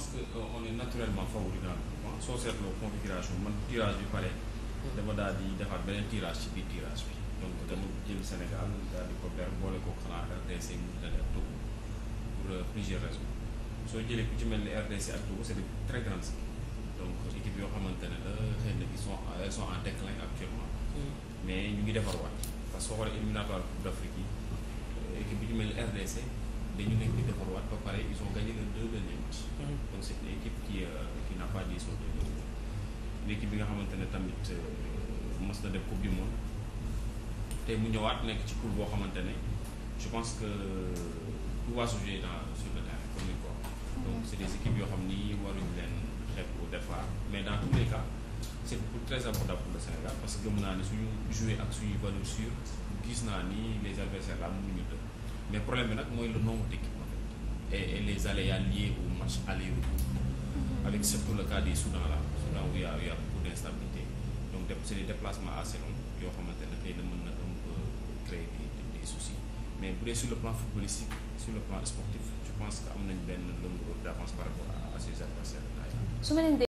parce que euh, on est naturellement favori dans le mouvement soo seetloo configuration man tirage bi pare. dafa daal di defaat beneen tirage ci biir tirage bi. donc dama jël Sénégal daal di ko boole ko xanaa RDC mu dal ak Togo pour euh, ci mel ni RDC ak Togo donc équipe yoo xamante ne la euh, xëy na ils sont ils en déclin actuellement. Mm. mais ñu ngi defar waat parce que soo xoolee éliminatoire Coupe d' yi euh, équipe bi ci mel RDC dañu nekk di defar waat ba pare ils ont gagné donc c' est une équipe qui euh, qui n'a pas dit son dernier bi nga xamante ne tamit euh, mos na def coupe du monde tey mu ñëwaat nekk ci poule boo xamante ne je pense que euh, tout va se jouer dans sur le comme ni ko donc c' est des yoo xam ni waruñu leen xeeb au départ mais dans tous les cas c' est très abordable pour le Sénégal parce que gëm naa ne suñu jouer ak suñu valeur sûre gis naa ni les adversaires là mënuñu def mais problème bi nag mooy le nombre d' et, et les aléas liés au match aller-retour mhm. avec surtout le cas du Soudan là Soudan où il y a, il y a beaucoup donc c'est des yoo xamante ne xëy na mën na un euh, créer des des soucis mais bu dee sur le plan footballistique sur le plan sportif je pense que am nañ benn longueur d'avance par rapport à, à ces adversaires là